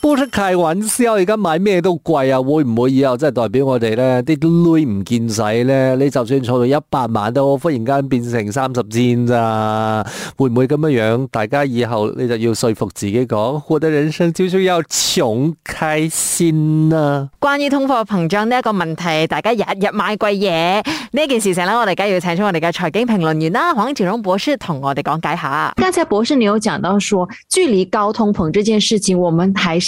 波出契揾銷，而 家樂買咩都貴啊！會唔會以後真係代表我哋咧啲鐳唔見使咧？你就算坐到一百萬都，忽然間變成三十千咋、啊？會唔會咁樣樣？大家以後你就要說服自己講，活得人生至少有窮開先啊。關於通貨膨脹呢一個問題，大家日日買貴嘢呢件事情咧，我哋而家要請出我哋嘅財經評論員啦，黃錦榮博士同我哋講解下。剛才博士你有講到說，距離高通膨這件事情，我們還是，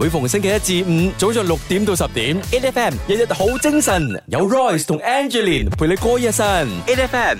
每逢星期一至五，早上六點到十點，e F M 日日好精神，有 Royce 同 Angeline 陪你過一生 e F M。